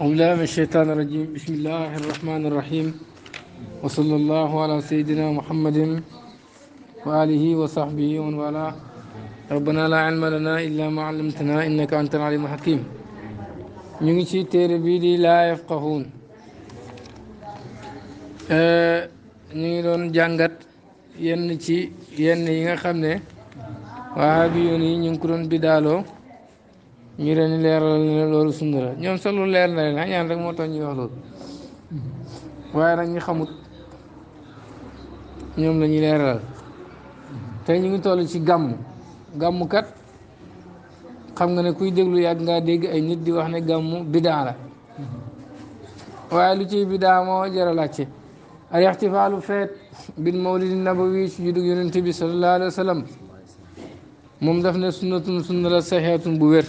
أعوذ بالله من الشيطان الرجيم بسم الله الرحمن الرحيم وصلى الله على سيدنا محمد وآله وصحبه ومن والاه ربنا لا علم لنا إلا ما علمتنا إنك أنت العليم الحكيم نيجي تربيدي لا يفقهون نيجي دون جانغات yenn ci yenn yi nga xam ne wahabi yoon yi ñu ngi ko doon bidaaloo ñu leen di leeral ne loolu sunna ñoom sax leer na leen añaan rek moo tax ñuy wax loolu waaye nag ñu xamut ñoom lañuy ñuy leeral ñu ngi toll ci gàmm gàmmkat xam nga ne kuy déglu yàgg ngaa dégg ay nit di wax ne gàmm bidaa la waaye lu ciy bidaa moo jar a laajte al ixtifaalu feet bil mawlidi nabawi ci judug yonente bi sallallahu alayhi wa sallam moom daf ne sunnatun sunna la bu wér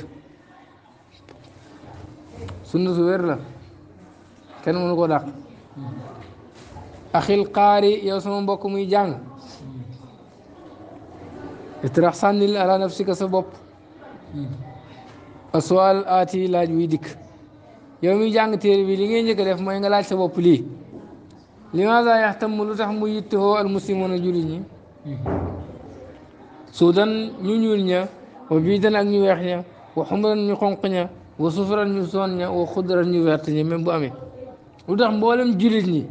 sunna su la kenn mënu ko dàq axil qaari yow sama mbokk muy jàng itrax sànnil ala nafsika sa bopp aswal aati laaj wuy dikk yow miy jàng téere bi li ngay njëkk def mooy nga laaj sa bopp lii limaada yaxtamu lu tax mu yittewoo al muslimuuna jullit ñi suudan ñu ñuul ña wa biidan ak ñu weex ña wa xumran ñu xonq ña وصفر ني سون ني وخضر ني ورت ني ميم بو امي لوتخ مبولم جوليت ني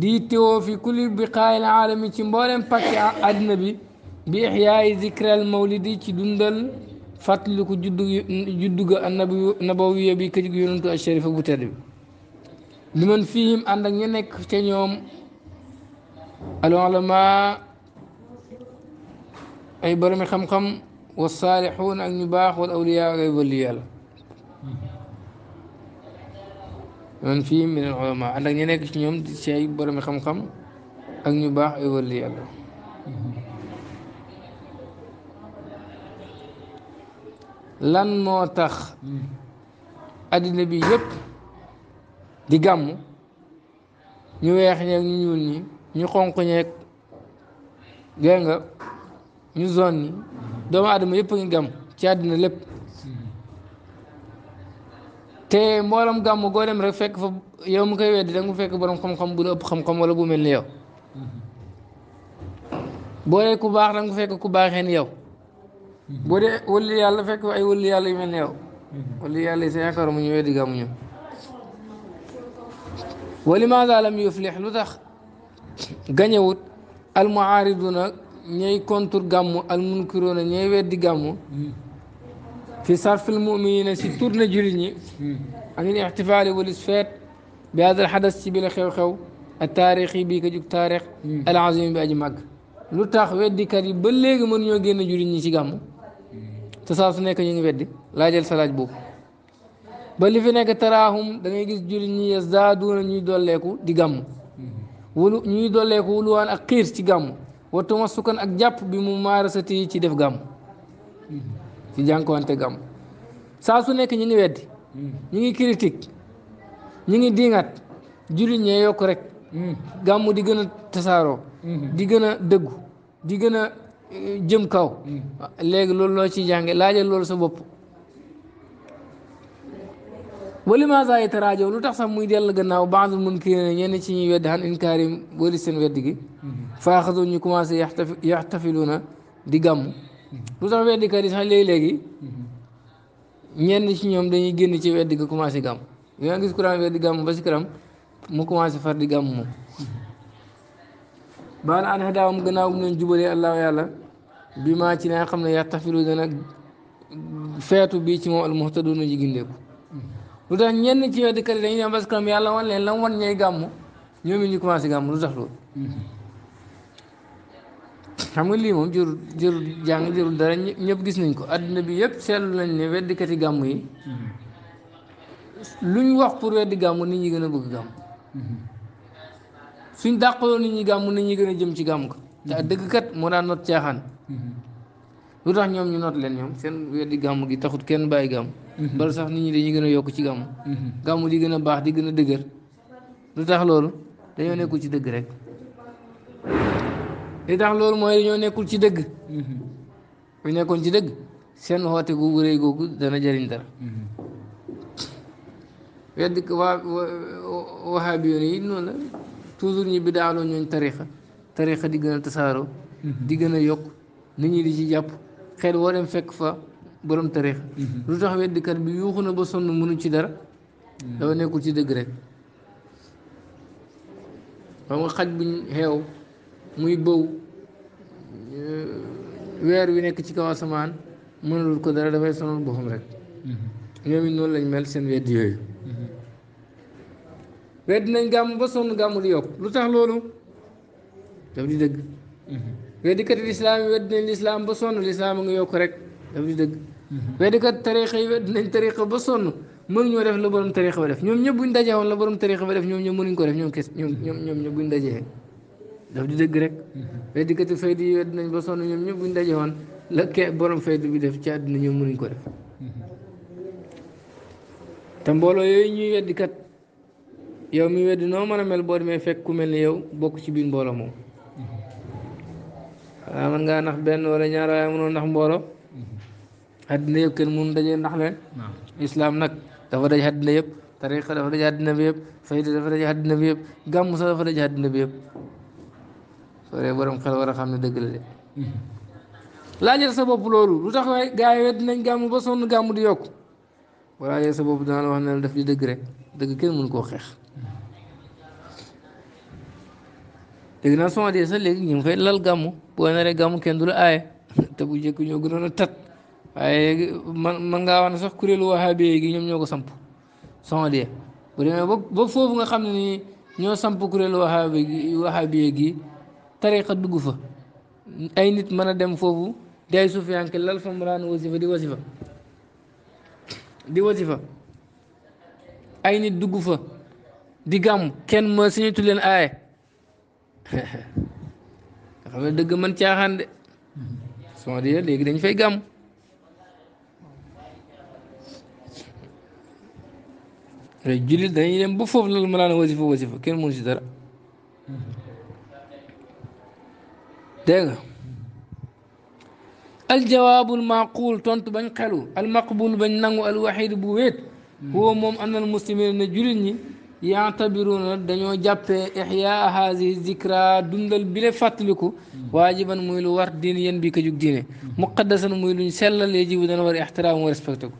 دي تيو في كل بقاع العالم تي مبولم باكي ادنا بي باحياء ذكرى المولد تي دوندل فاتلكو جدو جدوغا النبي نبوي بي كاج يونتو الشريف بو تيد لمن فيهم عندك ني نيك تي نيوم العلماء اي برمي خم خم والصالحون ان يباخوا الاولياء غير man fii min a ulama ànd ak ñu nekk ci ñoom di ci ay borom xam-xam ak ñu baax ay wëlli yàlla lan moo tax addina bi yëpp di gàmm ñu weex ñeeg ñu ñuul ñi ñu xonq ñeeg dégg nga ñu zone ñi doomu aadama yëpp a ngi gàmm ci àddina lépp te mbolam gam golem rek fekk fa yow mu koy wedd da nga fekk borom xam-xam bu la ëpp xam-xam wala bu melni yow boo dee ku baax da nga fekk ku baaxee ni yow boo dé wulli yàlla fekk ay wulli yàlla yu melni yow wulli yàlla yi sa mu ñu wedd gam ñu wali ma za lam yuflih lu tax gagné wut gañewut almuaariduna ñay gam al munkiruna ñay wedd gam في صرف المؤمنين ستور نجرني عن الاحتفال والاسفات بهذا الحدث سبيل خيو خيو التاريخي بيك جوك تاريخ العظيم بأجمعك لتاخ ودي كاري بلغ من يوغي نجرني سيغامو تساسو نيكا ينغ ودي لا جل سلاج بو بل في نيكا تراهم دنگي جس جرني يزدادون ني دول ليكو دي غامو ولو ني دول ليكو ولوان اقير سيغامو وتمسكن اكجاب بممارستي تي دف ci jànkuwante gam saa su nekk ñu ngi weddi ñu ngi critique ñu ngi diingat jullit ñee yokk rek hmm. gàmmu di gën a tasaaroo hmm. di gën a dëggu di gën a eh, jëm kaw hmm. léegi loolu loo ci jànge laajal loolu sa bopp wali maasa yi lu tax sax muy dell gannaaw baax mun kii ne ñenn ci ñuy weddi xan inkaari wali seen weddi gi faaxasu ñu commencé yaxtafiluuna di gàmmu lu tax weddikat yi sax léegi-léegi ñenn ci ñoom dañuy génn ci weddi ga commencé gàmm yoo ngi gis ku daan weddi gàmm ba si kanam mu commencé far di gàmm moom na an xadaawam gannaaw bu leen jubalee allah yàlla bi ma ci naa xam ne yaxtafilu dana feetu bii ci moom al muhtaduna ji gindeeku lu tax ñenn ci weddikat yi dañuy dem ba si kanam yàlla wan leen la mu wan ñooy gàmm ñoom it ñu commencé gàmm lu tax loolu xam nga lii moom jur jur jàng jurul dara ñëpp gis nañ ko adduna bi yëpp seetlu nañ ne weddikati gàmmu yi mm-hmm. luñ wax pour weddi gàmm nit ñi gën a bëgg gàmm mm-hmm. suñ dàqaloo nit ñi gàmm nit ñi gën a jëm ci gàmm mm-hmm. ko moo daan not caaxaan lu tax ñoom ñu noot leen ñoom seen weddi gàmm gi taxut kenn bàyyi gàmm bala sax nit ñi dañuy gën a yokk ci gàmm gàmm di gën a baax di gën a dëgër lu tax loolu dañoo nekkul ci dëgg rek li tax loolu mooy dañoo nekkul ci dëgg bu mm-hmm. nekkoon ci dëgg seen xoote googu rëy googu dana jëriñ dara mm-hmm. weddi waa waxaabi yoon yi noonu la toujours ñi bidaaloo ñooñ tarixa tarixa di gën a tasaaroo mm-hmm. di gën a yokk nit ñi di ci jàpp xel woo dem fekk fa boroom tarixa lu tax weddikat bi yuuxu na ba sonn mënu ci dara dafa nekkul ci dëgg rek xam nga xaj buñ xeew muy bëw euh, weer wi nekk ci kaw asamaan mënalul ko dara dafay sonal boppam rek mm-hmm. ñoom it noonu lañ mel seen wedd yooyu mm-hmm. wedd nañ gàmm ba sonn gàmm di yokk lu tax loolu daf di dëgg mm-hmm. weddikat lislaam yi wedd nañ lislaam ba sonn lislaam a ngi yokk rek daf di dëgg weddikat tarixa yi wedd nañ tarixa ba sonn mënuñoo def la borom tarixa ba def ñoom ñëpp buñ dajee woon la borom tarixa ba def ñoom ñëpp mënuñ ko def ñoom kes ñoom ñoom ñoom ñëpp daf di dëgg rek faydikati faydi yi wedd nañ ba sonn ñoom ñëpp buñ daje woon la kee borom faydu bi def ci àdduna ñoom mënuñ ko def te mbooloo yooyu ñuy weddi kat yow mi weddi noo mën a mel boo demee fekk ku mel ni yow bokk ci biir mbooloo moom waaw man ngaa nax benn wala ñaar waaye mënoo nax mbooloo àddina yëpp kenn mënu dajee ndax leen islam nag dafa daj àddina yëpp tariqa dafa daj àddina bi yëpp fayda dafa daj àddina bi yëpp gàmm sax dafa daj àddina bi yëpp soo dee borom xel war a xam ne dëgg la de hmm. laajal sa bopp loolu lu tax waaye gaa yi wet dinañ gàmm ba sonn gàmm di yokk boo laajal sa bopp dinaa la wax di dëgg rek dëgg kenn mënu koo xeex. Hmm. léegi nag soo dee sax léegi ñu ngi fay lal gàmm boo naree gàmm kenn du la aaye te bu njëkk ñoo gënoon a tat waaye man man ngaa wax sax kuréelu wahabi yi ñoom ñoo ko samp soo dee bu demee ba foofu nga xam ne ñoo samp kuréelu wahabi yi طريقه دغوفا اي نيت مانا ديم فوفو داي سفيان كي لال فمران وزيفا دي وزيفا دي وزيفا اي نيت دغوفا دي غام كين ما سينيتو لين اي خا دغ من تياخان دي سو دي ليغي دنج فاي غام جيل داي ديم بو فوف وزيفا وزيفا كين مونسي dégg nga aljawaabul maquul tontu bañ xelu almaqbul bañ nangu alwaxid bu wéet woo moom anal muslimin ne jullit ñi yaatabiruuna dañoo jàppee ixyaa haasihi zikra dundal bile fàttaliku waajiban muy lu war diin yéen bi ko jug diine muqaddasan muy luñ sellal yajibu dana war ixtiraam wa respecté ko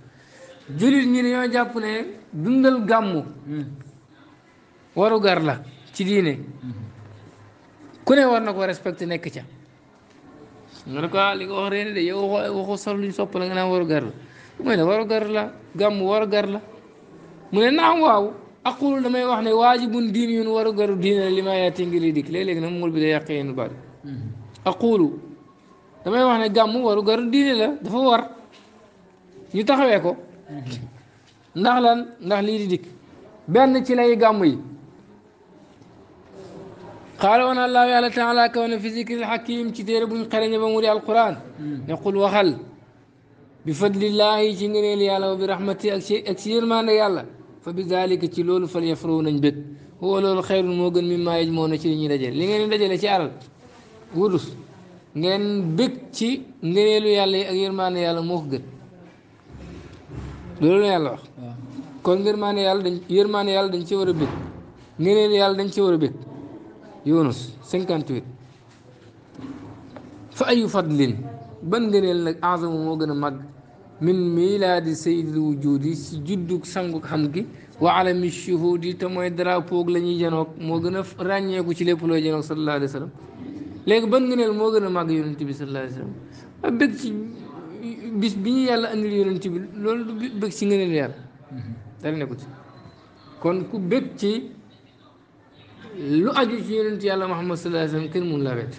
jàpp ne la ci diine ku ne war na ko respecté nekk ca nga ne ko ah, li nga wax reeni de yow waxoo sol luñ sopp la nga gar la mooy ne waru gar la mu ne naam waaw aqulu damay wax ne waajibun diin yun waru garu diine la li ma yaati ngir nag mul bi day yàq yéen bari mm-hmm. damay wax ne gàmm waru garu diine la dafa war ñu taxawee ko mm-hmm. ndax lan ndax lii di dikk benn ci lay gàmm yi قال وانا الله يا الله تعالى كون في ذكر الحكيم كثير بن قرن بمور القران نقول وخل بفضل الله جنني لي الله وبرحمته اكثر ما نيا الله فبذلك تلول فليفرون نجد هو لول خير موغن مما يجمعون شي ني دجال لي نين دجال شي ال غودوس نين بك شي نيلو يالله اك يرمان يالله موغن لول نيا الله آه. كون يرمان يالله يرمان يالله دنج سي ورا بك نيلو يالله دنج سي ورا بك يونس 58 فأي فضل بن غنيل لك أعظم وغن مد من ميلاد سيد الوجود سجدك سنغك حمكي وعلى الشهود تموي درا فوق لني جنوك موغن راني كو صلى الله عليه وسلم ليك بن غنيل موغن مد يونس صلى الله عليه وسلم بك بس بني يالا اندي يونس بي لول بك سي غنيل يار دال نكوت كون كو بك lu aju ci yonent yàlla Muhammad sallallahu alayhi wa sallam kenn mun laa wet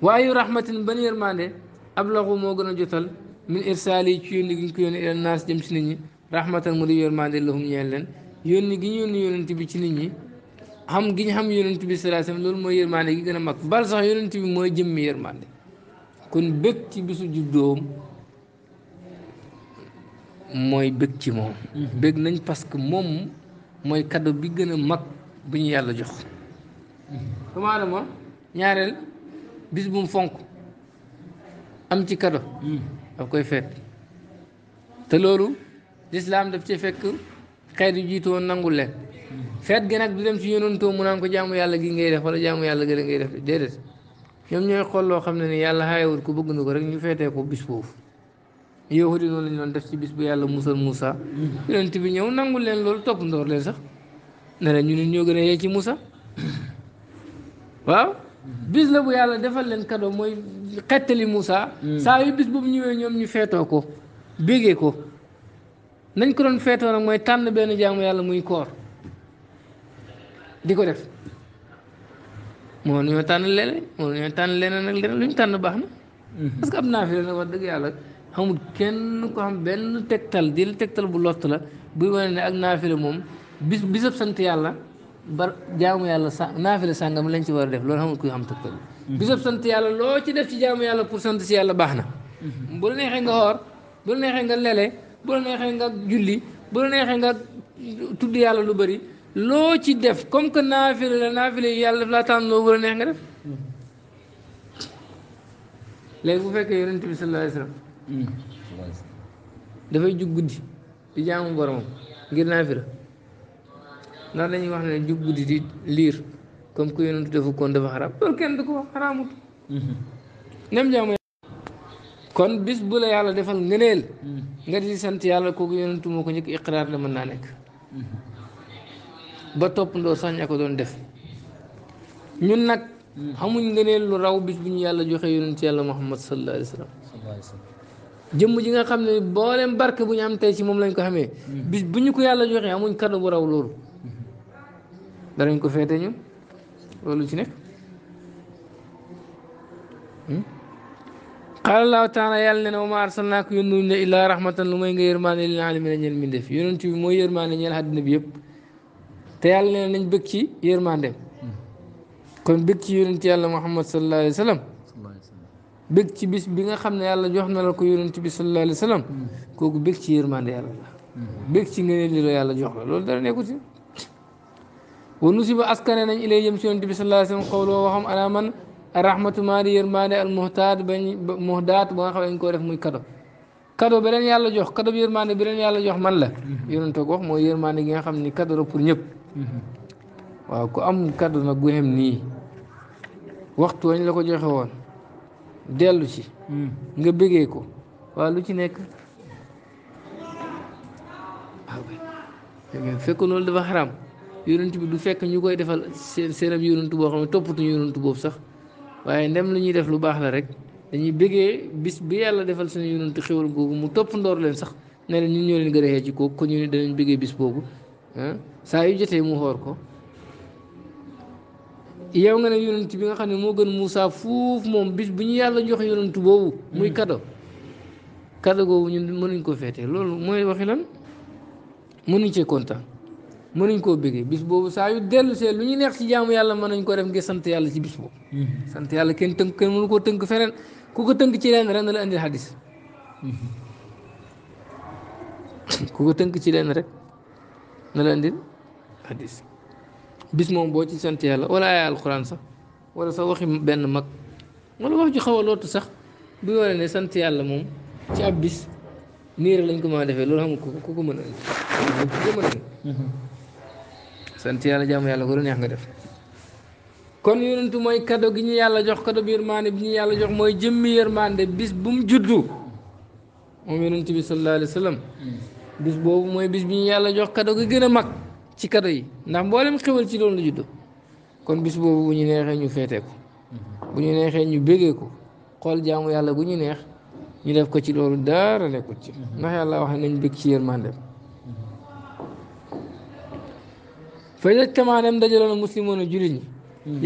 waaye rahmatin ban yërmande ablaxu moo gën a jotal min irsaali ci yónni gi ñu ko yónni ila naas jëm ci nit ñi rahmatan mu di yërmande lahum ñeel leen yónni gi ñu yonent bi ci nit ñi xam gi ñu xam yonent bi sallallahu alayhi wa sallam loolu mooy gi gën a bal sax yonent bi mooy jëmmi yërmande kon bëgg ci bisu juddoom mooy bëgg ci moom mm-hmm. bëgg nañ parce que moom mooy cadeau bi gën a bu ñu yàlla jox maa aadama ñaareel bis bu mu fonk am ci kado daf koy feet te loolu lislaam daf ci fekk xeet yu jiitu woon nangul leen feet gi nag du dem ci yonantoo mu naan ko jàmm yàlla gi ngay def wala jaamu yàlla gële ngay def déedéet ñoom ñooy xool loo xam ne ni yàlla xaayawul ko bëgg na ko rek ñu feetee ko bis foofu yahudi noonu lañu doon def ci bis bu yàlla musal Moussa mm. yonent bi ñëw nangul leen loolu topp ndoor leen sax ne na ñu nit ñoo gën a yee ci musa waaw bis la bu yàlla defal leen cadeau mooy xettali musa hmm. saa yu bis bu ñëwee ñoom ñu feetoo ko bégee ko nañ ko doon feetoo nag mooy tànn benn jaamu yàlla muy koor di ko def moo ñoo tànn leneen moo ñoo tànn leneen nag leneen lu ñu tànn baax na hmm. parce que am naa fi dëgg yàlla xamul kenn ko xam benn tegtal di la tegtal bu lott la buy wane ne ak naafila moom bis bisab sant yàlla ba jaamu yàlla sa naafila sàngam lañ ci war a def loolu xamul kuy xam tëkkal mhm. bisab sant yàlla loo ci def ci jaamu yàlla pour sant si yàlla baax na mhm. bu la neexee nga woor bu la neexee nga lele bu la neexee nga julli bu la neexee nga tudd yàlla lu bëri loo ci def comme que yàlla daf laa tànn bu mhm. léegi bu fekkee yonent bi sallallahu alayhi wasallam dafay jug guddi di jaamu boromam ngir naafila ndax lañuy wax ne jub guddi di liir comme ku yonentu defu kon dafa xaraam kenn ko wax xaraamut mhm. nem jaamu kon bis bu la yàlla defal ngëneel mhm. nga di sant yàlla kooku yonentu moo ko njëkk iqraar la mën naa nekk mhm. ba topp ndoor sax ña ko doon def ñun nag xamuñ ngëneel lu raw bis bu ñu yàlla joxe yonentu yàlla muhammad sallallahu alayhi wa jëmm ji nga xam ne boo booleem bark bu ñu am tey ci moom lañ ko xamee bis bu ñu ko yàlla joxee amuñ kado bu raw loolu danañ ko féete ñun loolu ci nekk hmm? qaala allahu taala yàlla ne wa maa arsalnaaka yónnuñ la illaa rahmatan lu may nga yërmaane lil aalamiina ñeel mbindéef yonent bi mooy yërmaane ñeel àddina bi yëpp te yàlla nee nañ bëgg ci yërmaandeem kon bëgg ci yonent yàlla muhammad sallallahu alayhi bëgg ci bis bi nga xam ne yàlla jox na la ko yonent bi sallallahu alayhi wa hmm. ci yërmaande yàlla hmm. ci nga ne yàlla jox la loolu dara nekku ci wa nusiba askane nañ ilay jëm si yonent bi sallallahu alayhi wa sallam xawloo waxam ana man rahmatu maa di yërmaande al muhtaat bañ muhdaat ba nga xam ne dañ koo def muy kado kado bi leen yàlla jox kado bi yërmaande bi leen yàlla jox man la yonent ko wax mooy yërmaande gi nga xam ni kado la pour ñëpp waaw ku am kado nag gu nii waxtu wañ la joxe woon dellu ci nga bëggee ko lu ci nekk fekk loolu dafa xaram yonent bi du fekk ñu koy defal seen seenam yonent boo xam ne toppatuñu yonent boobu sax waaye ndem lu ñuy def lu baax la rek dañuy bëggee bis bi yàlla defal seen yonent xéwal googu mu topp ndoor leen sax ne leen ñun ñoo leen gën a xeec ci kooku ko ñu ne danañ bëggee bis boobu saa yu jotee mu xoor ko yow nga ne yonent bi nga xam ne moo gën Moussa fuuf moom bis bu ñu yàlla jox yonent boobu muy kado hmm. kado googu ñun mënuñ koo feetee loolu mooy waxi lan mënuñ cee kontaan mënuñ koo bëggee bis boobu saa yu dellu see lu ñu neex ci jaamu yàlla mën nañ ko def ngir sant yàlla ci bis boobu. Mm-hmm. sant yàlla kenn tënk kenn mënu koo tënk feneen ku ko tënk ci leen rek na la andil hadis. Mm-hmm. tënk ci leen rek na la andil hadis bis moom boo ci sant yàlla wala ay alquran sax wala sa waxi benn mag wala wax ju xaw a lootu sax bi wane ne sant yàlla moom ci ab bis nii rek lañ ko mën a defee loolu xam ku ko mën a mm-hmm. ku ko mën a sant yàlla jaamu yàlla ko du neex nga def kon yonentu mooy kado gi ñu yàlla jox kado bi yërmaande bi ñu yàlla jox mooy jëmmi yërmaande bis bu mu juddu moom yonentu bi sallallahu alayhi wa sallam boobu mooy bis bi ñu jox kado gi gën a mag ci kado yi ndax mboolem xewal ci loolu la juddu kon bis neexee ñu féete ko ñu neexee ñu bégee ko xool yàlla gu ñu neex ñu def ko ci loolu dara nekkul ci ndax yàlla wax nañ bég ci yërmaande فإذا دجال المسلمون جرين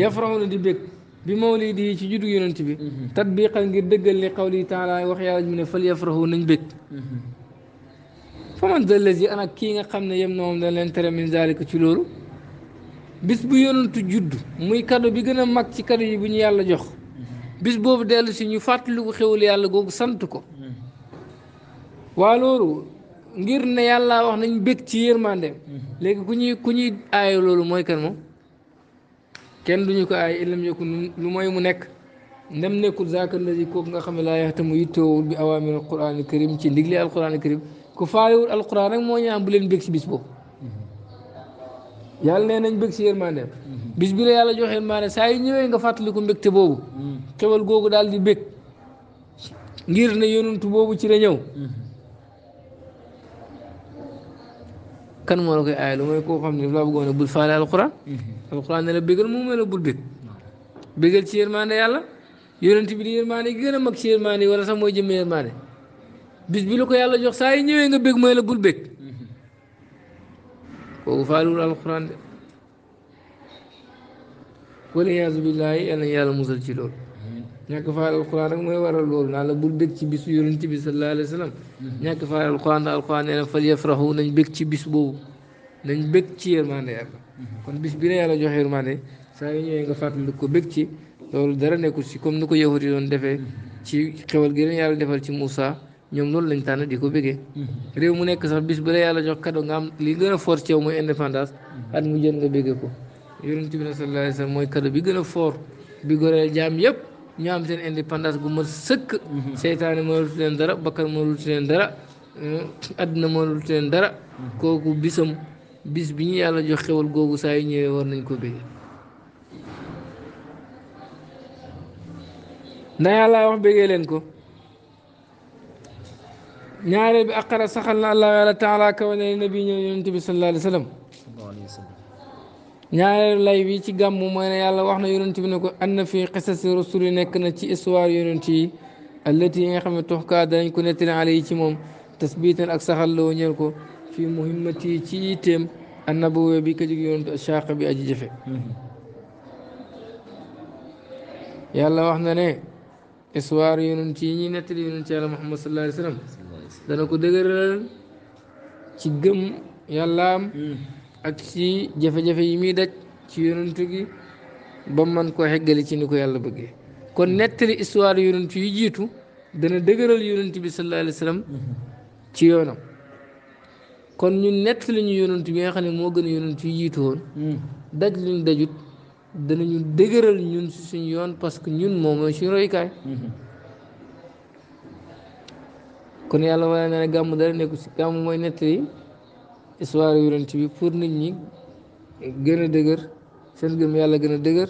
يفرحون دبك بمولده تجد ينتبه تطبيقا قد لقوله تعالى وحي الله من فليفرحوا ننبت فمن ذا الذي أنا كين قمنا يمنهم لن ترى من ذلك تلورو bis bu yonentu judd muy cadeau bi gën a mag ci cadeau yi bu ñu yàlla jox bis boobu dellu ngir ne yàlla wax nañ bëgg ci yërmande mhm. léegi ku ñuy ku ñuy aaye loolu mooy kan moom kenn duñu ko aaye illam yakun lu mooy mu nekk ndem nekkul zaaka lazi kooku nga xam ne laa yaxtamu yittoowul bi awaamir alquran karim ci ndigli alquran karim ku faayewul alquran rek moo ñaam bu leen bëgg si bis boobu mhm. yàlla nee nañ bëgg si yërmande mhm. bis bi yàlla joxe yërmande saa yu ñëwee nga fàttaliku mbégte boobu xewal googu daal di bëgg ngir ne yonentu boobu ci la كان مولا كي آية لما يكون خمني بلا بقونا بل فالة القرآن القرآن نلا بيقل مو ملا بل بيت بيقل شير مانا يالا يولن تبلي شير ماني كينا مك شير ماني ورسا مو جمع شير ماني بس بلو كي يالا جوك ساي نيو ينغ بيق ملا بل بيت كو فالو لا القرآن ولي يعز بالله يالا يالا موسى ñàkk faal alquran rek mooy a loolu naa la bul bég ci bi sallallahu alayhi wa sallam mm-hmm. ñàkk faal alquran da alquran nee na fal yafrahu bis boobu nañ bég ci yërmande yàlla mm-hmm. kon bis bi la yàlla joxe yërmande saa yu ñëwee nga fàttali ko bég ci loolu dara nekkul si comme ni ko yahut yi defee mm-hmm. ci xewal gi yàlla defal ci Moussa ñoom loolu lañ tànn di ko bégee réew mu nekk sax bis bi la yàlla jox cadeau nga am li gën a foor ci yow mooy indépendance at mu jël nga bégee ko yonent bi sallallahu alayhi wa sallam mooy cadeau bi gën a fort bi goreel jaam yëpp ñu am seen indépendance gu ma sëkk mhm. seytaane mënatu leen dara bakkan mënatu leen dara eh, àddina mënatu leen dara mhm. kooku bisam bis bi ñu yàlla jox xewal googu saa yu ñëwee war nañ ko bëgg ndax yàlla wax bëggee leen ko ñaareel bi aqara saxal na allah yàlla taala kaw ne nabi ñëw yonent bi sallallahu alayhi ñaareelu lay bi ci gàmm mooy ne yàlla wax na yonent bi ne ko an na fi xisasi rasul nekk na ci histoire yonent yi allati yi nga xam ne toxkaa danañ ko nettali ale yi ci moom tasbiitan ak saxal loo ñeel ko fii muhimmati ci itteem annabuwe bi ka jóg yonent chaaq bi aji jëfe yàlla wax na ne histoire yonent yi ñuy nettali yonent yàlla muhammad sallallahu alayhi wa dana ko dëgëral ci gëm yàllaam ak ci jafe-jafe yi muy daj ci yonent gi ba man koo xeggali ci ni ko yàlla bëgge kon nettali histoire yonent yu jiitu dana dëgëral yonent bi sallallahu alayhi wa sallam ci yoonam kon ñun nettali ñu yonent bi nga xam ne moo gën a yonent yu jiitu woon daj luñ dajut danañu ñun si suñ yoon parce que ñun moom mooy suñu roykaay kon yàlla wane na ne gàmm dara nekku si gàmm mooy nettali histoire yonent bi pour nit ñi gën a dëgër seen gëm yàlla gën a dëgër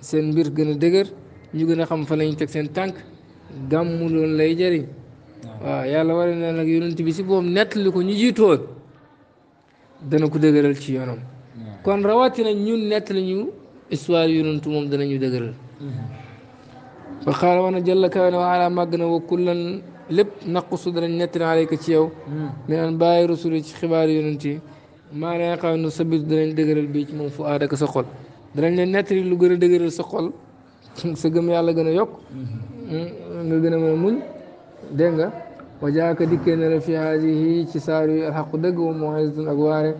seen mbir gën a dëgër ñu gën a xam fa lañ teg seen tànk gàmmu loolu lay jëriñ waaw yàlla war na nag yonent bi si boobu nettali ko ñu jiitoon dana ko dëgëral ci yoonam kon rawati na ñun nettali ñu histoire yonent moom danañu dëgëral ba xaaral wax na jàll kawe na waxaala màgg na wa kullan lépp naqusu danañ nettali aleyka ci yow min hmm. an bàyyi rasuli xibaar yonent yi maa la nga xam ne sabitu danañ dëgëral bii ci moom fu aad ak sa xol danañ leen nettali lu gën sa xol sa gëm gën a yokk hmm. Hmm, nga gën a mën a dégg nga wajaaka dikkee na la fi haadihi ci saar yi alxaqu dëgg wa mawizatun ak waare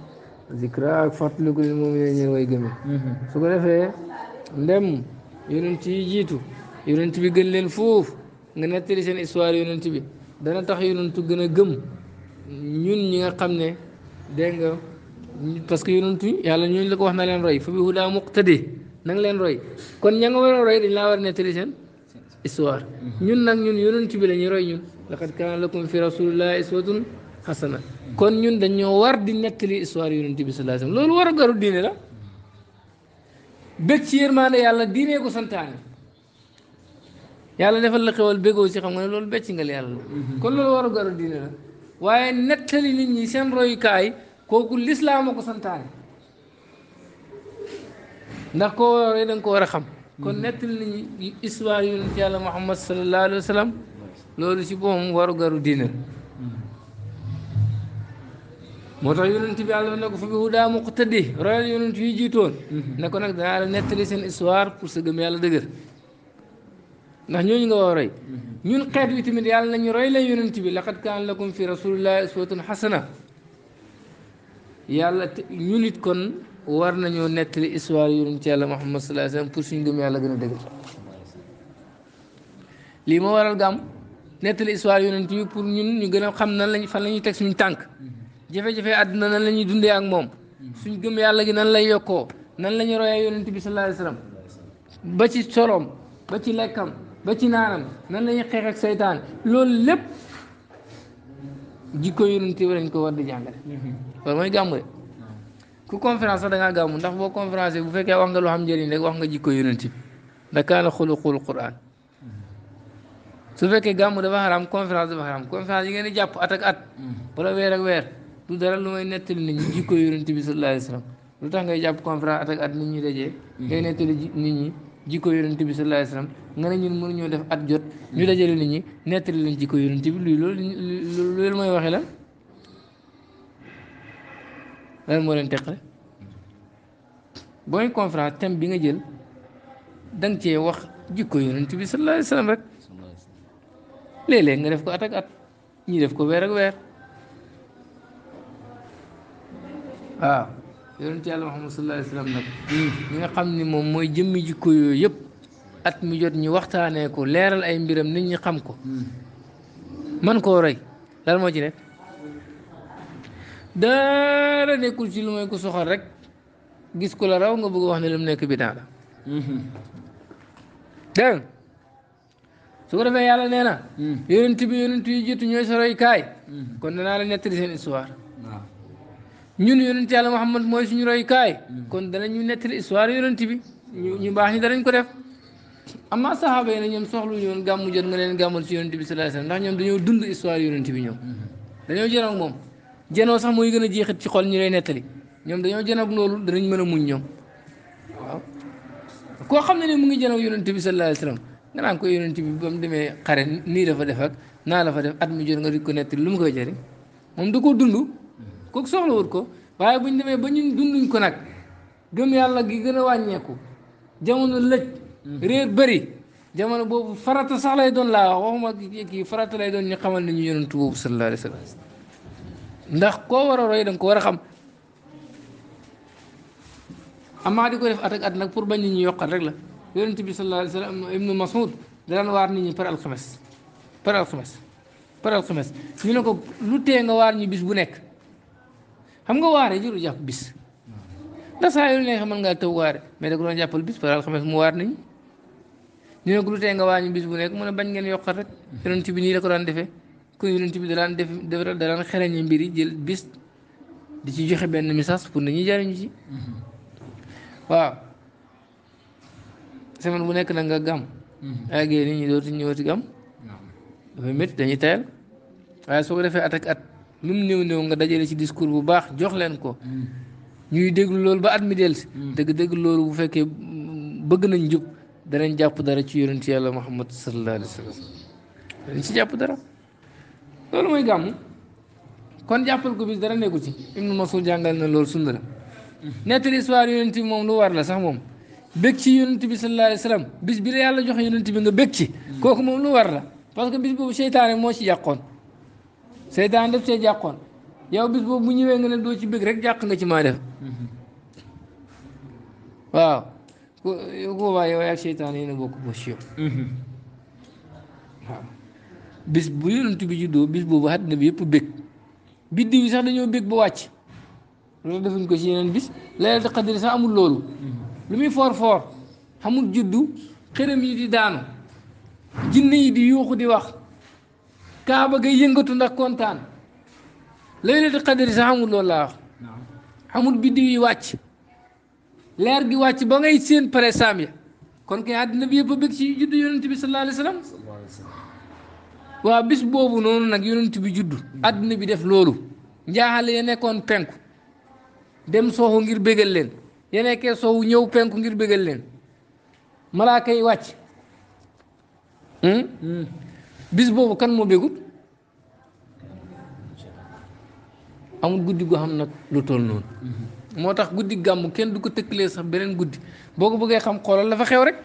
zikra ak fàttaliku lil mu'minin ñeen way gëme su ko defee ndem yonent yi jiitu yonent bi gën leen foofu nga nettali seen histoire yonent bi dana tax yonentu gën a gëm ñun ñi nga xam ne dégg nga parce que yonentu yàlla ñooñu la ko wax na leen roy fa bi muqtadi na nga roy kon ña nga war a roy dañ laa war a nettali seen histoire ñun nag ñun bi la roy ñun laqad kana lakum fi rasulillahi iswatun hasana kon ñun dañoo war di nettali histoire yonent bi sallallahu alayhi wasallam loolu war a garu diine la bëgg ci yàlla diine ko santaane yàlla defal la xewal béggoo si xam nga ne loolu becc nga yàlla la mm-hmm. kon loolu war a garu diine la waaye nettali nit ñi seen royukaay kooku lislaam a ko santaane ndax koo roy da nga ko war a xam kon mm-hmm. nettali nit ñi histoire yonent yàlla muhammad sallallahu alayhi wa sallam loolu si boppam waru garu diine la mm-hmm. moo tax yonent bi yàlla ne ko fa bi hudaa muqtadi royal yonent yi jiitoon ne ko nag danaa la nettali seen histoire pour sa gëm yàlla dëgër ndax ñooñu nga war mm-hmm. ñun xeet wi tamit yàlla nañu roy la yonent bi laqad kaan lakum fi rasulillahi uswatun xasana yàlla ñu nit kon war nañoo nettali histoire yonent yàlla Muhammad sallallahu alayhi wasallam pour suñu gëm yàlla gën a dëgër moo waral gàmm nettali histoire yonent bi pour ñun ñu gën a xam nan lañ fan la ñuy teg suñu tànk mm-hmm. jafe-jafe àdduna na la ñuy dundee ak moom mm-hmm. suñ gëm yàlla gi nan lay yokkoo nan la ñu royee yonent bi sallallahu alayhi wasallam ba ci soloom ba ci lekkam ba ci naanam nan lañuy xeex ak seytaan loolu lépp jikko yonent bi lañ ko war di jàngale loolu mooy gàmmu de ku conférence sax da ngaa gàmmu ndax boo conférence bu fekkee wax nga loo xam njëriñ rek wax nga jikko yonent bi da kaana xuluqul quran su fekkee gàmmu dafa xaram conférence dafa xaram conférence yi ngeen jàpp at at wala weer ak weer du dara lu may nettali nit ñi jikko yonent bi sallallahu alayhi lu tax ngay jàpp conférence at at nit ñi dajee mm-hmm. ngay nit ñi jikko yonent bi sallallahu alayhi wasallam nga ne ñun ñu def at jot ñu dajale nit ñi nettali leen jikko yonent bi luy lool loolu mooy waxee lan lan leen teqale boy conférence thème bi nga jël dang ci wax jikko sallallahu alayhi wasallam rek nga def ko at ak at ñi def ko ak yonent yàlla Muhammad sallallahu alayhi wasallam nag ñi nga xam ni moom mooy jëmmi jikko yooyu yëpp at mi jot ñu waxtaanee ko leeral ay mbiram nit ñi xam ko man koo roy lan moo ci nekk dara nekkul ci lu may ko soxal rek gis ko la raw nga bëgg wax ne lu mu nekk bidaa la dégg su ko defee yàlla nee na hmm. yonent bi yonent yi jiitu ñooy sa roykaay hmm. kon danaa la nettali seen histoire ñun yonent yàlla Muhammad mooy suñu royukaay kon danañu nettali histoire yonent bi ñu ñu baax ñi danañ ko def amma saxaaba yi ne ñoom soxlu ñu woon gàmmu jot nga leen gàmmal si yonent bi sallallahu alayhi wasallam ndax ñoom dañoo dund histoire yonent bi ñoom dañoo jënoon ak moom jënoo sax mooy gën a jeexit ci xol ñu lay nettali ñoom dañoo jënoon ak loolu danañ mën a muñ ñoom waaw xam ne ni mu ngi jënoon ak yonent bi sallallahu alayhi wasallam nga ko yonent bi ba mu demee xare nii dafa def ak naa la fa def at mi jot nga di ko nettali lu mu koy jëriñ da koo dund kooku soxla wut ko waaye bu ñu demee ba ñu dunduñ ko nag gëm yàlla gi gën a wàññeeku jamono lëj hmm. réer bëri jamono boobu farata sax lay doon laa wax waxuma kii farata lay doon ñu xamal ne ñu yonentu boobu sallallahu ndax koo war a roy da ko war a xam amaa di ko def at ak at nag pour bañ nit ñi yokkal rek la yonent bi sallallahu alayhi wa sallam ibnu Mas'ud par alxames par alxames ñu ne ko lu tee nga waar ñu bis bu nekk xam nga waare juru jàpp bis ndax saa yu neex mën ngaa tëw waare mais da ko doon jàppal bis paral alxames mu waar nañu ñu ne lu tee nga wàññi bis bu nekk mu ne bañ ngeen yokkal rek yonent bi nii la ko daan defee ku yonent bi da daan def da daan xereñe mbir yi jël bis di ci joxe benn message pour nañu jariñu ci waaw semaine bu nekk na nga gam agee nit ñi dootuñ ñëwati gàmm dafa métti dañuy tayal waaye soo ko defee at ak at lu mu néew néew nga dajale ci discours bu baax jox leen ko ñuy déglu loolu ba at mi dellusi mm. dëgg-dëgg bu fekkee bëgg nañ jub danañ jàpp dara ci yonent yàlla Muhammad sallallahu alayhi wa ci jàpp dara loolu mooy gàmmu kon jàppal ko bis dara nekku ci Ibnu Mas'ud jàngal na loolu sunna la nettali histoire yonent bi moom lu war la sax moom bég ci yonent bi sallallahu alayhi wa sallam bis bi la yàlla joxe yonent bi nga bég ci mm. kooku moom lu war la parce que bis boobu seytaane moo ci yàqoon seytaan def cee jàqoon yow bis boobu bu ñëwee nga leen doo ci bëgg rek jàq nga ci maa def waaw ku yow ak seytaan yéen a bokk position mm-hmm. waaw bis bu yonent bi juddoo bis boobu àddina bi yëpp bëgg biddiw yi sax dañoo bëgg ba wàcc loolu ko ci yeneen bis laylatul sax amul loolu mm-hmm. lu muy foor foor xamul juddu xërëm yi di daanu jinne yi di yuuxu di wax kaaba ga yëngatu ndax kontaan laylatul qadri sax xamul loolu laa biddiw yi wàcc leer gi wàcc ba ngay seen pare saam ya kon kay àddina bi yëpp a ci juddu yonent bi sallallahu alayhi wa bis boobu noonu nag yonent bi juddu hmm. àddina bi def loolu njaaxale ya nekkoon penku dem sooxu ngir bégal leen ya nekkee soowu ñëw penku ngir bégal leen malaaka yi wàcc hmm? Hmm. bis boobu kan moo bégut amul guddi gu xam nag lu toll noonu moo tax guddi gàmm kenn du ko tëkkalee sax beneen guddi boo ko bëggee xam xoolal dafa xew rek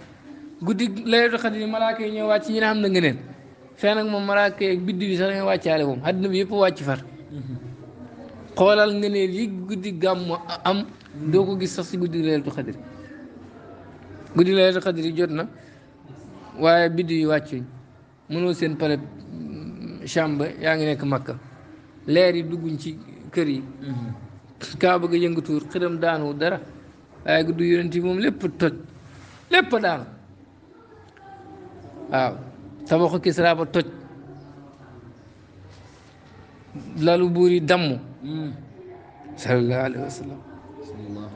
guddi laylatul xadri malaaka yi ñoo wàcc ñi ne na nga neen fee moom malaaka yeeg biddi bi sax dañoo wàccaale moom wàcc far xoolal nga ne li guddi gàmm am doo ko gis sax ci guddi laylatul xadri guddi laylatul xadri jot na waaye biddi yi wàccuñ mënoo seen pare mm, chambre yaa ngi nekk makka leer yi dugguñ ci kër yi mm-hmm. kaaba ga yëngatuwul xiram daanu dara waaye guddu yonent yi moom lépp toj lépp daanu waaw tabaxu Kisra toj lalu buur yi mm. alayhi wa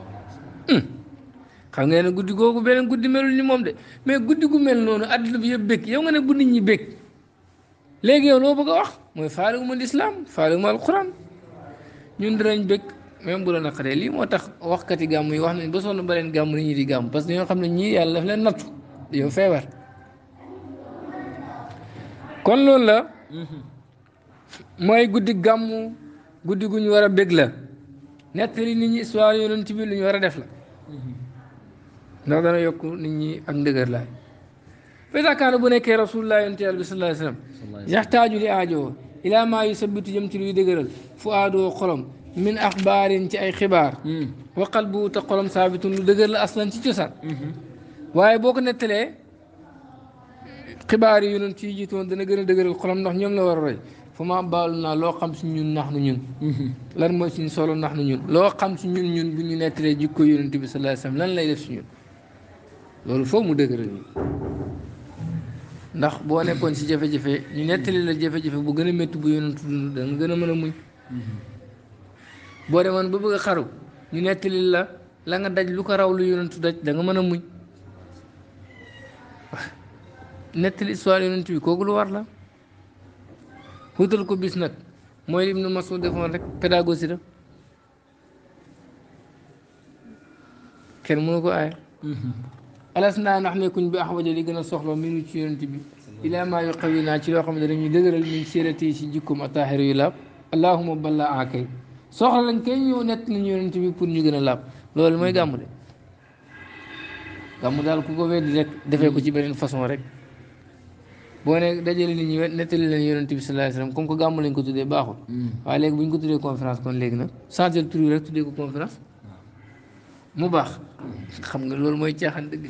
xam nga ne guddi googu beneen guddi melul ni moom de mais guddi gu mel noonu àdduna bi yëpp bëgg yow nga ne bu nit ñi bëgg léegi yow loo bëgg a wax mooy faale wu ma lislaam faale wu ma alquran ñun dinañ bëgg même bu la naqaree lii moo tax waxkati gàmm yi wax nañ ba sonn ba leen gàmm nit ñi di gàmm parce que ñoo xam ne ñii yàlla daf leen nattu yow feebar kon loolu la mooy guddi gàmm guddi gu ñu war a bëgg la nettali nit ñi histoire yonent bi lu ñu war a def la. ndax dana yokk nit ñi ak ndëgër laay fa idaa kaana bu nekkee rasulullah yonent yàlla bi sallallahu alayhi wasallam yaxtaaju li aajoo ilaa maa yu sabitu jëm ci luy dëgëral fu aadoo xolom min axbaarin ci ay xibaar wa qalbu te xolom saabitun lu dëgër la aslan ci cosaan waaye boo ko nettalee xibaar yi yonent yi jiitu woon dana gën a dëgëral xolom ndax ñoom la war a roy fu ma baalu naa loo xam si ñun nax nu ñun lan mooy suñu solo nax nu ñun loo xam si ñun ñun bu ñu nettalee jikko yonent bi sallallahu alayhi wasallam lan lay def si ñun loolu foofu mu dëgëral ndax boo nekkoon ci jafe-jafe ñu nettali la jafe-jafe bu gën a métti bu yonent dund da gën a mën a muñ mm-hmm. boo demoon ba bëgg a xaru ñu nettali la la nga daj lu ko raw lu yonent daj danga mën a muñ nettali histoire yonent bi kooku lu war la wutal ko bis nag mooy Ibnu Mas'ud defoon rek pédagogie la kenn mënu ko aaye mm-hmm. alasna ndax nekkuñ bi axwaja li gën a soxla minu ci yonent bi ilaa maa yuqawi naa ci loo xam ne dañuy dëgëral min sirati si jikkum ataahiru yu laab allahuma balla akay soxla lañ kay ñëw nett lañu yonent bi pour ñu gën a laab loolu mooy gàmmu de gàmmu daal ku ko weddi rek defee ko ci beneen façon rek boo ne dajale nit ñi nettali leen yonent bi sallallahu alayhi wasallam comme que gàmmu lañ ko tuddee baaxul waaye léegi bu ñu ko tuddee conférence kon léegi nag changer tur rek tuddee ko conférence mu baax xam nga loolu mooy caaxaan dëgg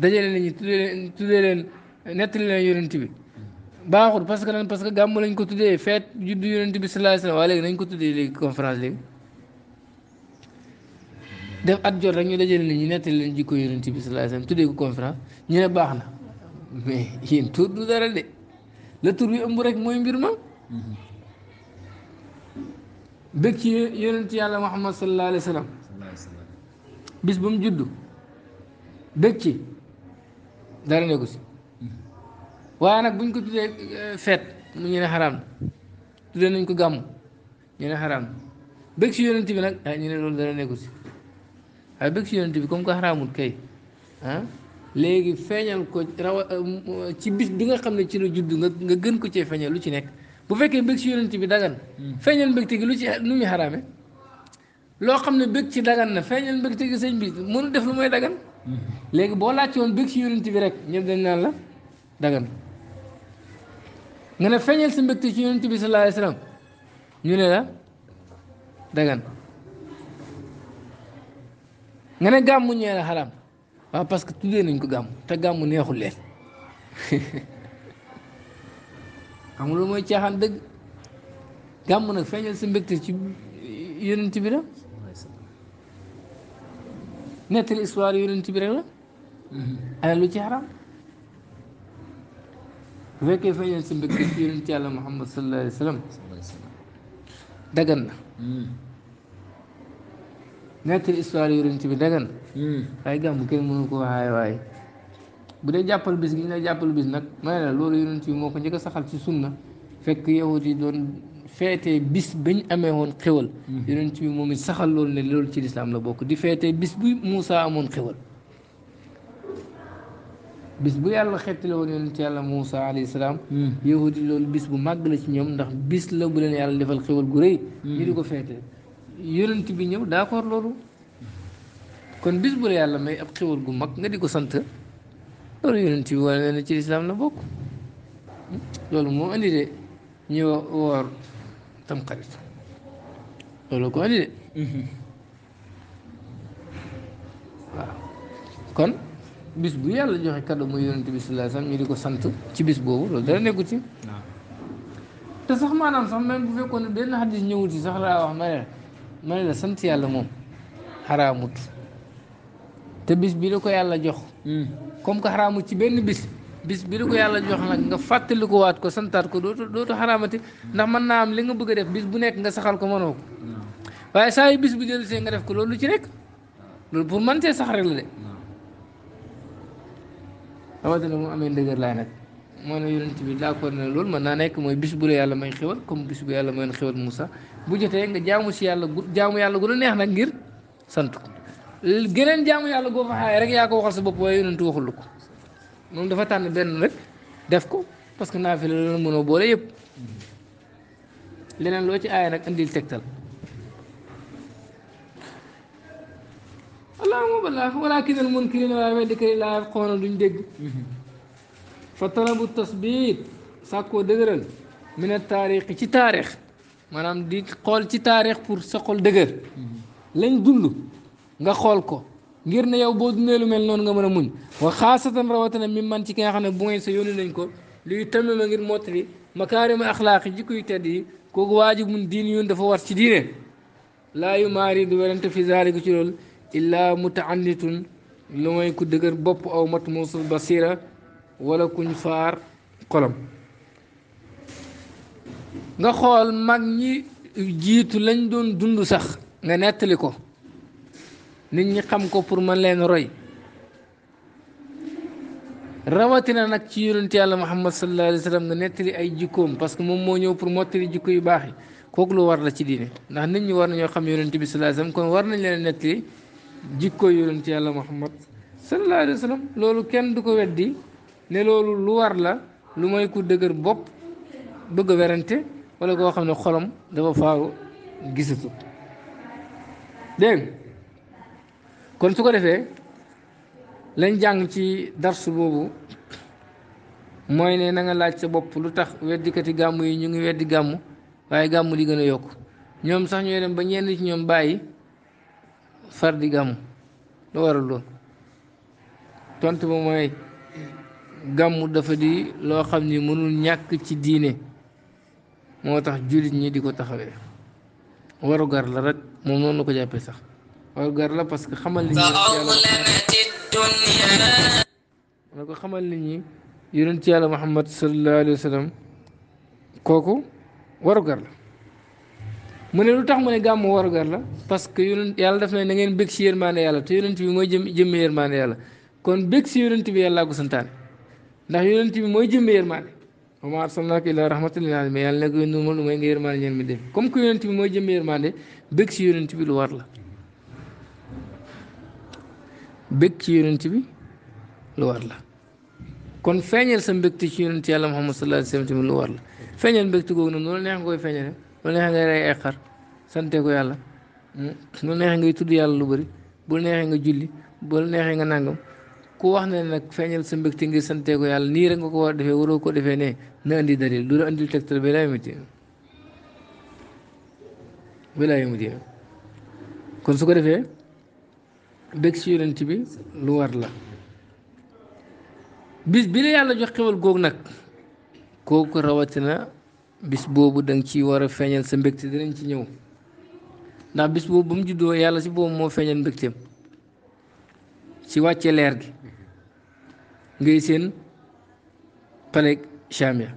dajale nañu tuddee leen tuddee leen nettali leen yonent bi baaxul parce que nan parce que gàmm lañ ko tuddee feet juddu yonent bi sallallahu alayhi wasallam waaye ko tuddee léegi conférence at jot rek ñu dajale nit ñi nettali leen jikko yonent bi sallallahu alayhi wasallam ko conférence ñu baax na mais yéen tur du dara de la tur bi ëmb rek mooy mbir ma mm-hmm. bëgg ci yonent yàlla Muhammad sallallahu alayhi wasallam bis ba mu juddu bëgg ci dara nekku si waaye nag buñ ko tuddee euh, feet mu ñu xaram xaraam tuddee nañ ko gàmm ñu ne xaraam bëgg si yonent bi nag ah ñu ne loolu dara nekku si waaye bëgg si yonent bi comme ko xaraamul kay ah léegi feeñal ko rawa euh, ci bis bi nga xam ne ci la judd nga nga gën ko cee feeñal lu ci nekk bu fekkee bëgg si yonent bi dagan hmm. feeñal mbégte gi lu ci nu muy xarame loo xam ne bëgg ci dagan na feeñal mbëgg ci sëñ bi mënul def lu mooy dagan léegi boo laajte woon bëgg ci yonent bi rek ñëpp dañ naan la dagan nga ne feeñal sa mbëgg ci yonent bi sallallahu alayhi la dagan nga ne gàmmu ñee parce que tuddee nañ ko gàmmu te gàmmu neexul leen xam nga loolu mooy caaxaan dëgg gàmmu nag feeñal sa mbëgg ci yonent bi la nettali histoire yonent bi rek la ana lu ci xaram bu fekkee feeñal sa mbëgg ci yonent yàlla Muhammad sallallahu alayhi wa sallam dagan na nettali histoire yonent waaye mënu ko waxaay waaye bu dee jàppal bis gi ñu la jàppal bis nag ma ne la loolu yonent moo ko njëkk saxal ci sunna fekk yahudi doon fete bis biñ amee woon xéwal yonent bi moom saxal loolu ne lol ci lislaam la bokk di fete bis bu Musa amon xéwal bis bu yàlla xettale woon yonent yàlla Musa alayhi salam yahudi lol bis bu màgg la ci ñom ndax bis la bu len yàlla defal xéwal gu rëy ñi diko fete feetee yonent bi ñëw d'accord lolu kon bis bu yàlla may ab xéwal gu mag nga diko sante lolu loolu yonent bi wane ci lislaam la bokk lolu mo andi de ñu wor tamxarit loolu ko andi de kon bis bu yàlla joxe kàddu muy yonent bi sallallahu alayhi wasallam ñu di ko sant ci bis boobu loolu dara nekku ci te sax maanaam sax même bu fekkoon benn xadis ñëwul ci sax laa wax ma ne ma ne la sant yàlla moom xaraamut te bis bi la ko yàlla jox comme que xaraamut ci benn bis bis bi lu ko yàlla jox nag nga fàttali ko waat ko santaat ko dootu dootu xaraamati ndax man naa am li nga bëgg a def bis bu nekk nga saxal ko mënoo ko waaye saa yu bis bi dellu see nga def ko loolu ci nekk loolu pour mën see sax rek la de rawatina mu amee ndëgër laay moo ne yonent bi na loolu mën naa nekk mooy bis bu la yàlla may xewal comme bis bu yàlla mayoon xewal Moussa bu jotee nga jaamu si yàlla gu jaamu yàlla gu la neex nag ngir sant ko geneen jaamu yàlla goo fa xaay rek yaa ko waxal sa bopp waaye yonent waxul ko moom dafa tànn benn rek def ko parce que naafila la mënoo boole yëpp leneen loo ci aaya nag indil tegtal allahuma balaa walakin al munkirina waaye weddi kër yi laa xoona duñ dégg fa talabu tasbit sàkkoo dëgëral mina taarix ci taarix maanaam di xool ci taarix pour sa xol dëgër lañ dund nga xool ko ngir ne yow boo dundee lu mel noonu nga mën a muñ wa xaasatan rawatina mi man ci ki nga xam ne bu ngay sa yónni nañ ko luy tamit ma ngir mottali makaarima axlaaq yi jikko yu tedd yi kooku waajib mun diin yoon dafa war ci diine laa yu maari du werante fi zaalika ci loolu illaa mutaannitun lu mooy ku dëgër bopp aw mat muusul basira wala kuñ faar xolam nga xool mag ñi jiitu lañ doon dund sax nga nettali ko nit ñi xam ko pour man leen roy rawatina nag ci yonent yàlla muhammad sallallahu alayhi wa sallam nga nettali ay jikkoom parce que moom moo ñëw pour mottali jikko yu baax yi kooku lu war la ci diine ndax nit ñi war ñoo xam yonent bi sallallahu alayhi wa sallam kon war leen nettali jikko yonent yàlla muhammad sallallahu alayhi wa sallam loolu kenn du ko weddi ne loolu lu war la lu mooy ku dëgër bopp bëgg a werante wala koo xam ne xolam dafa faaru gisatu dégg kon su ko defee lañ jàng ci darsu boobu mooy ne na nga laaj sa bopp lu tax weddikati gàmm yi ñu ngi weddi gàmm waaye gàmm li gën a yokku ñoom sax ñooy dem ba ñenn ci ñoom bàyyi far di gàmm lu waral loolu tontu ba mooy gàmm dafa di loo xam ni mënul ñàkk ci diine moo tax ñi di ko taxawee warugar la rek moom noonu ko jàppee sax waaw gar la parce que xamal nit ñi na ko xamal nit yàlla muhammad sallallahu alayhi wa sallam kooku waru gar la mu ne lu tax mu ne gàmm waru gar la parce que yonent yàlla daf ne na ngeen bég si yërmaande yàlla te yonent bi mooy jëm jëmmi yërmaande yàlla kon bég si yonent bi yàlla ko santaane ndax yonent bi mooy jëmmi yërmaande wa maa arsalnaaka illaa rahmatan lil aalamiin ne ko yónni ma lu may nga yërmaande ñeen mi def comme que yonent bi mooy jëmmi yërmaande bég si la bég ci yonent bi lu war la kon feeñal sa mbégte ci yonent yàlla Muhammad sallallahu alayhi wa sallam tamit lu war la feeñal mbégte googu nag noonu neex nga koy feeñale noonu neex ngay rey ay xar sante ko yàlla noonu neexee ngay tudd yàlla lu bëri bu neexee nga julli bu neexee nga nangam ku wax ne nag feeñal sa mbégte ngir sante ko yàlla nii rek nga ko war a defee waroo ko defee ne na andi dalil lu la andil tegtal bi laa yomati bi laa yomati kon su ko defee bëgg si yonent bi lu war la bis bi la yàlla jox xewal googu nag kooku rawatina bis boobu danga ci war a feeñal sa mbégte dinañ ci ñëw ndax bis boobu ba mu juddoo yàlla si boobu moo feeñal mbégteem si wàcce leer gi ngay seen pale chamia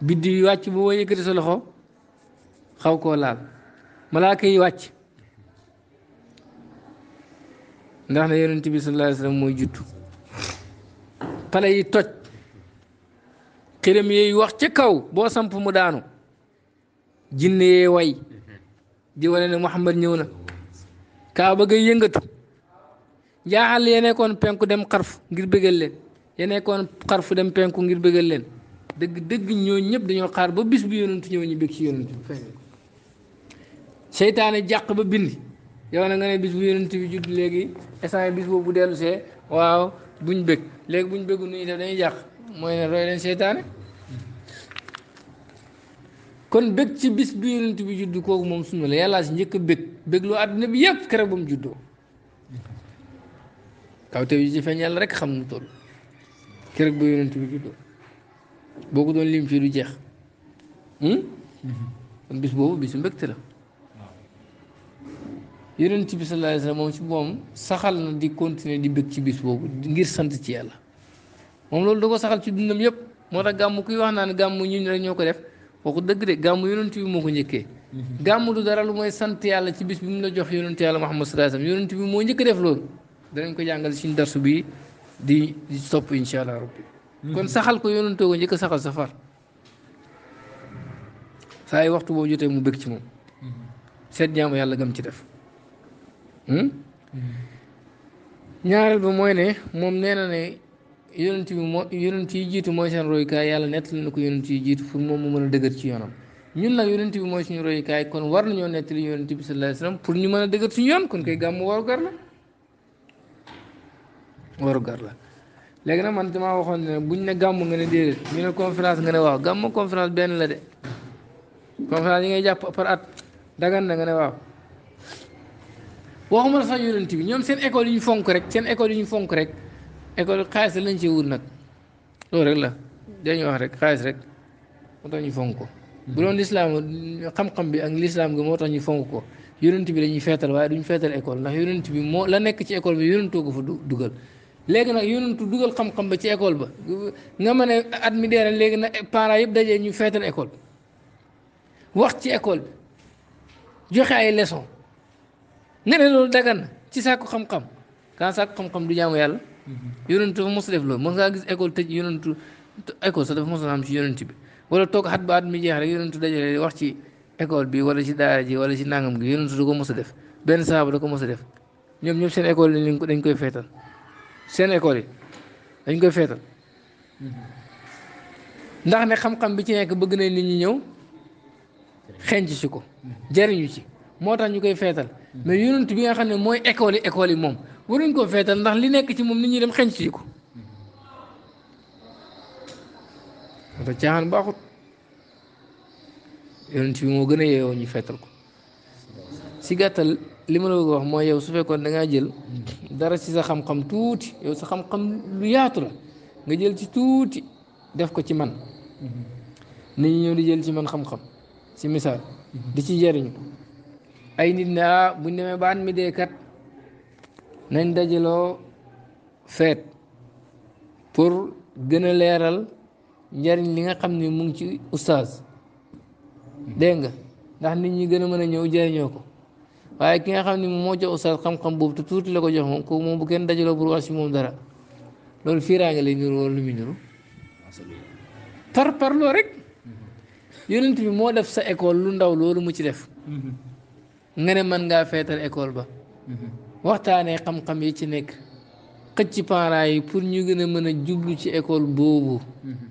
biddi yi wàcc ba boo yëkkati sa loxo xaw koo laal malaaka yi wàcc ndax ne yonent bi sallallahu mooy juddu pale yi toj xiram yooyu wax ci kaw boo samp mu daanu jinne yee way di wane ne Muhammad ñëw na kaaba bëgg a yëngatu jaaxal ya nekkoon penku dem xarfu ngir bëggal leen ya nekkoon xarfu dem penku ngir bëggal leen dëgg dëgg ñoo ñëpp dañoo xaar ba bis bi yonent ñëw ñu ci yonent seytaane jàq ba bindi yow na nga ne bis bu yonent bi judd léegi instant bis boobu bu dellusee see waaw buñ bëgg léegi buñ bëggu nu ñu dañuy yàq mooy ne roy leen seytaane kon bëgg ci bis bu yonent bi judd kooku moom sunna la yàllaa si njëkk bëgg bëgg loo àdduna bi yëpp keroog ba mu juddoo kaw te yi ci feeñ yàlla rek xam nu toll keroog bu yonent bi juddoo boo ko doon lim fii du jeex hmm? mm-hmm. kon bis boobu bisu mbégte la yonent bi sallallahu alayhi wa sallam moom ci moom saxal na di continuer di bëgg ci bis boobu ngir sant ci yàlla moom loolu da ko saxal ci dundam yëpp moo tax gàmmu kuy wax naan gàmm ñun rek ñoo ko def waxu dëgg de gàmm yonent bi moo ko njëkkee mhm. gàmmu du dara lu mooy sant yàlla ci bis bi mu la jox yonent yàlla Muhammad sallallahu alayhi wa sallam yonent bi moo njëkk def loolu danañ ko jàngal suñu darsu bi di di topp insha allah rabbi mhm. kon saxal ko yonentoo ko njëkk saxal safar saa yi boo jotee mu bëgg ci moom mhm. seet yàlla gam ci def Hmm? ñaareel ba mooy ne moom ne na ne yonent bi moo yonent yi jiitu mooy seen kaay yàlla nettali na ko yonent yi jiitu pour moom mu mën a dëgër ci yoonam ñun nag yonent bi mooy suñu royukaay kon war nañoo nettali yonent bi sallallahu alayhi wasallam pour ñu mën a dëgër suñu yoon kon koy gàmm warugar la warugar la léegi na man damaa waxoon ne buñ ne gàmmu nga ne déedéet ñu ne conférence nga ne waaw gàmm conférence benn la de conférence yi ngay jàpp waxuma la sax yonent bi ñoom seen école yu ñu fonk rek seen école yi ñu fonk rek école xaalis lañ ci wut nag loolu rek la dañuy wax rek xaalis rek moo tax ñu fonk ko hmm. bu doon lislaam xam-xam bi ak lislaam gi moo tax ñu fonk ko yonent bi dañuy feetal waaye duñ feetal école ndax yonent bi moo la nekk ci école bi yonentoo ko fa dugal léegi nag yoonantu dugal xam-xam ba ci école ba nga mën a at mi dee léegi nag parents yëpp dajee ñu feetal école wax ci école bi joxe ay leçon neneen loolu dagan na ci sàkku xam-xam kaa sàkku xam-xam du jaamu yàlla mhm. yonent dafa mos a def loolu mos ngaa gis école tëj yonent école sax dafa mos a am ci yonent bi wala toog xat ba mi jeex rek yonent dajale wax ci école bi wala ci daara ji wala ci nangam gi yonent da ko mos a def benn saaba da ko mos a def ñoom ñoom seen école yi dañ koy feetal seen école yi dañ koy feetal mhm. ndax ne xam-xam bi ci nekk bëgg nañ nit ñu ñëw xenc ci ko jariñu ci moo tax ñu koy feetal mais yonent bi nga xam ne mooy école yi école yi moom waruñ koo feetal ndax li nekk ci moom nit ñi dem xenc ci ko te caaxaan baaxut yonent bi moo gën a yeewoo ñu feetal ko si gàttal li ma la wax mooy yow su fekkoon dangaa jël dara ci sa xam-xam tuuti yow sa xam-xam lu yaatu la nga jël ci tuuti def ko ci man mm-hmm. nit ñi ñëw di jël ci man xam-xam si misaal di ci jariñu ay nit ne ah buñ demee ba at mi dee kat nañ dajaloo feet pour gën a leeral njariñ li nga xam ni mu ngi ci oustaz dégg nga ndax nit ñi gën a mën a ñëw jëriñoo ko waaye ki nga xam ne moom moo jox oustaz xam-xam boobu te tuuti la ko jox moom kooku moom bu kenn dajaloo pour wax si moom dara loolu fiiraange lay niru wala lu muy niru par parloo rek mm-hmm. yonent bi moo def sa école lu ndaw loolu mu ci def mm-hmm. nga ne mën ngaa feetal école ba mm-hmm. waxtaanee xam-xam yi ci nekk xëcc parents yi pour ñu gën a mën a jublu ci école boobu mm-hmm.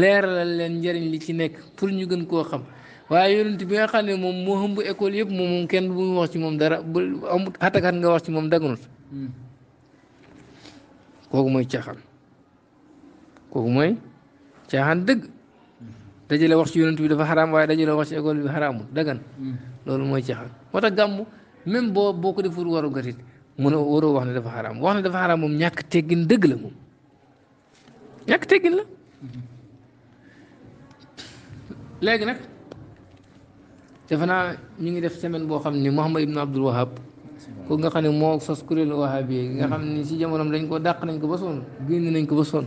leeralal leen njëriñ li ci nekk pour ñu gën koo xam waaye yonent bi nga xam ne moom moo ëmb école yëpp moom moom kenn bu wax ci moom dara bu nga wax ci moom daganut mm-hmm. kooku mooy caaxaan kooku mooy caaxaan dëgg dajale wax ci yonent bi dafa xaraam waaye dajale wax ci école bi xaraamul dagan mm. loolu mooy caaxaan moo tax gàmmu même boo boo ko deful waru garit mun a waroo wax ne dafa xaraam wax ne dafa xaraam moom ñàkk teggin dëgg la moom ñàkk teggin la léegi nag defe naa ñu ngi def semaine boo xam ni Muhammad ibn Abdul Wahab ko nga xam ne moo sos kuréelu wahab yi nga xam ni si jamonoom dañ koo dàq nañ ko ba sonn génn nañ ko ba sonn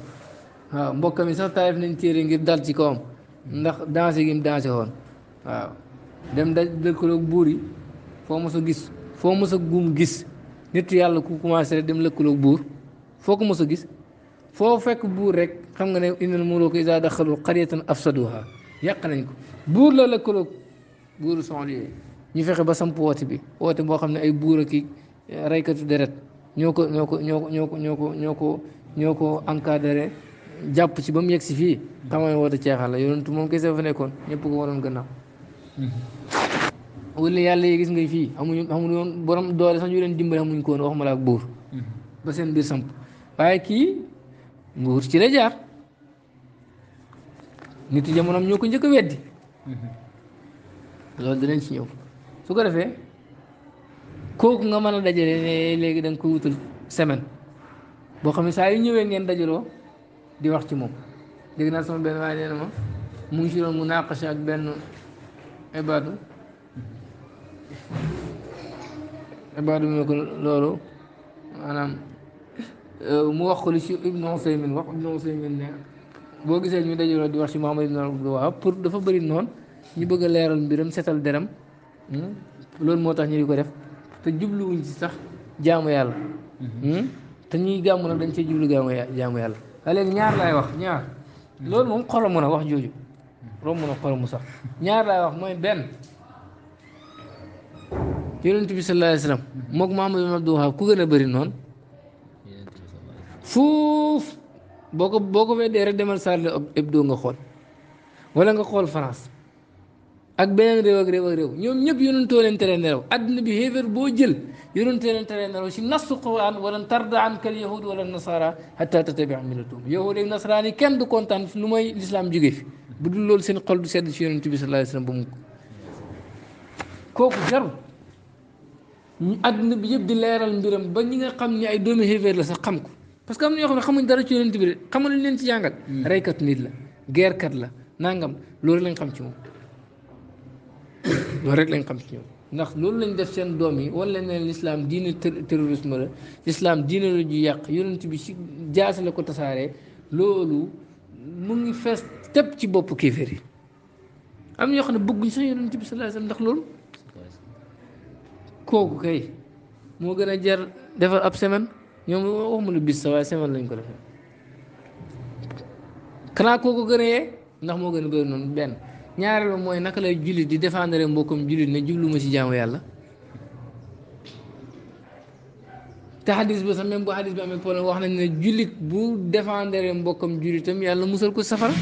waaw mbokk mi sax taayif nañ téere ngir dal ci kawam ndax dansé gi mu dansé woon waaw dem daj lëkkaloog buur yi foo mos a gis foo mos a gum gis nit yàlla ku commencé rek dem lëkkaloog buur foo ko mos a gis foo fekk buur rek xam nga ne innal muluuka izaa daxalu qaryatan afsaduha yàq nañ ko buur la lëkkaloog buur son yooyu ñu fexe ba samp woote bi woote boo xam ne ay buur ak i eh, raykatu deret ñoo ko ñoo ko ñoo ko ñoo ko ñoo ko ñoo ko encadré jàpp ci ba mu yegg si fii xamal ne woote ceexal la yonentu moom kese fa nekkoon ñëpp ko waroon gannaaw mhm. wala yàlla yi gis nga fii amuñu amuñu woon borom doole sax ñu leen dimbale amuñ ko woon waxuma la ak buur mhm. ba seen biir samp waaye kii nguur ci la jaar nit jamonoom ñoo ko njëkk a weddi mhm. loolu dinañ ci ñëw su ko defee kooku nga mën a dajale ne léegi da nga ko wutal semaine boo xam saa yu ñëwee ngeen dajaloo di wax ci moom dégg naa sama benn waaye nee ma mu ngi ci doon mu naqasha ak benn ibaadu ibaadu mu ne ko loolu maanaam euh, mu wax ko li ci Ibnu Usaymin wax Ibnu Usaymin ne boo gisee ñu dajaloo di wax ci Muhammad ibn Abdul Wahab pour dafa bari noon ñu bëgg a leeral mbiram setal deram hmm, loolu moo tax ñu di ko def te jubluwuñ ci sax jaamu yàlla mm-hmm. hmm, te ñuy gàmm nag dañ cee jublu gàmmu jaamu yàlla léegi ñaar lay wax ñaar loolu moom xoromu a wax jooju romb na mu sax ñaar laay wax mooy benn yonent bi sallallahu alayhi wasallam moog Muhammad ibn Abdul Wahab ku gën a bëri noon fuuf boo ko boo ko weddee rek demal Charlie Hebdo nga xool wala nga xool France ak beneen réew ak réew ak réew ñoom ñëpp yonentoo leen tere nelaw adduna bi xéeféer boo jël yonentoo leen tere nelaw si nasu quran wala tarda an kal yahud wala nasara hatta tatabia millatum yahud ak nasaraan yi kenn du kontaan lu mooy lislaam jóge fi bu dul loolu seen xol du sedd si yonent bi sallallahu alayhi wasallam ba mu kooku jarul ñu adduna bi yëpp di leeral mbiram ba ñi nga xam ne ay doomi xéeféer la sax xam ko parce que am na ñoo xam ne xamuñ dara ci yonent bi de xamuñ leen ci jàngal reykat nit la geerkat la nangam loolu lañ xam ci moom loolu rek lañ xam ci ñoom ndax loolu lañu def seen doom yi wala ne lislaam diine terrorisme la lislaam diine la ju yàq yonent bi si jaasi la ko tasaare loolu mu ngi fees tepp ci bopp kéeféer yi am na ñoo xam ne bëgguñ sax yonent bi sallallahu alayhi wasallam ndax loolu kooku kay moo gën a jar defar ab semaine ñoom waxuma la bis sa waaye semaine lañ ko defee xanaa kooku gën a yee ndax moo gën a bëri noonu benn ñaareel ba mooy naka lay jullit di défendre mbokkum jullit ne jubluma ci jaamu yàlla te xadis ba sax même bu xadis bi amee problème wax nañ ne jullit bu défendre mbokkam jullitam yàlla musal ko safara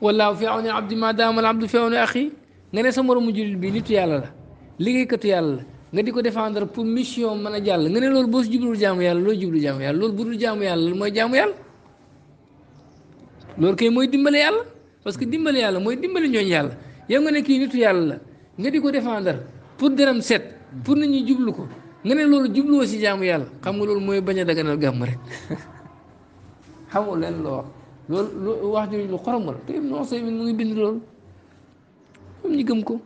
wallaahu fi awni abdi ma daama al abdu fi awni axi nga ne sa moroomu jullit bi nitu yàlla la liggéeykatu yàlla la nga di ko défendre pour mission mën a jàll nga ne loolu boo si jaamu yàlla loolu jublu jaamu yàlla loolu bu dul jaamu yàlla mooy jaamu yàlla loolu kay mooy dimbale yàlla parce que dimbal yàlla mooy dimbali ñooñu yàlla yow nga ne kii nitu yàlla la nga di ko défendre pour deram set pour nit ñi jublu ko nga ne loolu jubluwoo si jaamu yàlla xam nga loolu mooy bañ a daganal gàmm rek xamoo leen loo wax loolu wax ju lu xoromal te te Ibnu Usaymin mu ngi bind loolu ñoom ñi gëm ko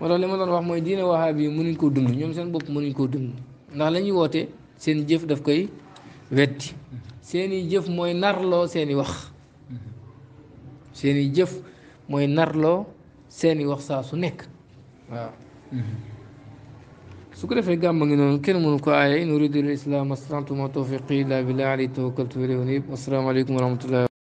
moo tax li ma doon wax mooy diine wahaab yi mënuñ koo dund ñoom seen bopp mënuñ koo dund ndax la ñuy woote seen jëf daf koy wetti seen i jëf mooy narloo seen i wax seeni jëf mooy narloo seeni wax saa su nekk waaw su ko defee gàmma ngi noonu kenn mënu ko aaye in uridu l islam astantu ma tawfiqi illa billah alayhi tawakkaltu wa ilayhi unib wasalaamaaleykum wa